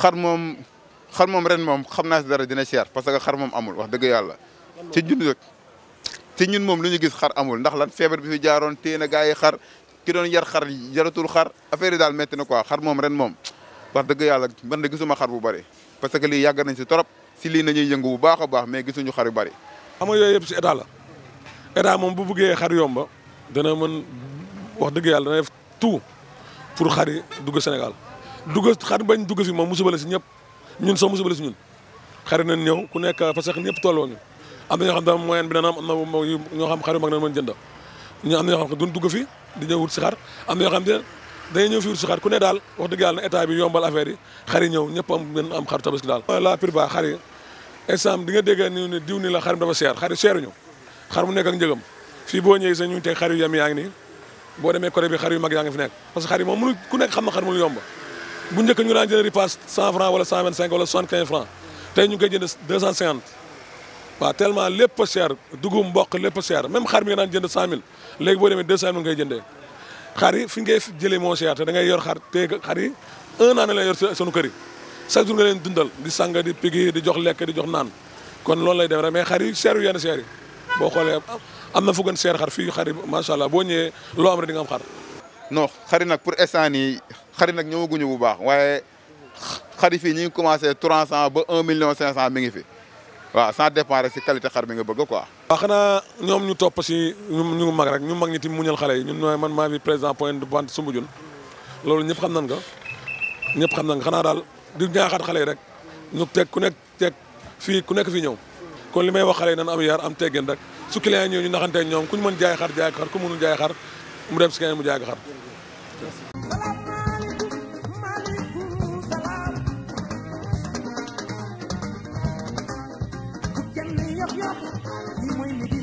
xar moom xar moom ren moom xam naa si dara dina cher parce que xar moom amul wax dëgg yàlla ci ñun ci ñun moom lu ñu gis xar amul ndax lan feebar bi fi jaaroon téye na gaa yi xar ki doon yar xar jaratul xar affaire yi daal métti na quoi xar moom ren moom wax dëgg yàlla man de gisuma xar bu bari parce que lii yàgg nañ si trop si lii nañuy yëngu bu baax a baax mais gisuñu xar yu bëri. xam yëpp si état la état moom bu bëggee xar yomba dana mën wax dëgg yàlla dana tout pour xar dugg Sénégal dugg xar bañ dugg fi moom musiba la si ñëpp ñun sax musiba la si ñun xari nañ ñëw ku nekk parce que ñëpp tolloo na ñoo xam ne moyenne bi dana am am na ñoo xam xar yu mag nañ mën jënd ñu dugg fi di ñëw wut si xar am na ñoo xam ne dañuy ñëw fi wut si xar ku ne daal wax dëgg yàlla na état bi yombal affaire yi xar ñëw ñëpp am ngeen am xar tabaski daal la plupart xar yi exemple di nga dégg ni ne diw ni la xarim dafa seer xar yi seeruñu xar mu nekk ak njëgam fii boo ñëwee sax ñu te teg xar yu yem yaa ngi boo demee côté bi xar yu mag yaa ngi fi nekk parce que xar yi moom mënu ku nekk xam na xar mënu yomb bu njëkk ñu daan jël ripaas 100 francs wala 125 wala 75 francs tey ñu ngi koy jënd 250 waaw tellement lépp a cher dugub mboq lépp a cher même xar mi nga daan jënd 100000 léegi boo demee 200000 ngay jëndee xar yi fi ngay jëlee moo cher te da ngay yor xar te xar yi un an la yor sunu kër yi chaque jour nga leen dundal di sang di pigi di jox lekk di jox naan kon loolu lay dem rek mais xar yi cher yu yenn cher yi boo am na fu gën seer xar fii xari macha allah boo ñëwee loo am rek di nga am xar. non xari nag pour instant nii xari nag ñëwaguñu bu baax waaye xari fii ñu ngi commencé cent ba un million cinq cent mi ngi fi waaw sans dépendre si qualité xar mi nga bëgg quoi. waaw xanaa ñoom ñu topp si ñu mag rek ñu mag ñi tamit muñal xale yi ñun man ma ngi président point de vente loolu ñëpp xam nañ ko ñëpp xam nañ xanaa daal di ñaaxaat xale yi rek ñu teg ku nekk teg fii ku nekk fi ñëw kon li may wax xale yi am yar am teggeen rek. su client ñëw ñu naxanteeg ñoom ku ñu mën jaay xar jaay xar ku mënul jaay xar mu dem si keneen mu jaay xar.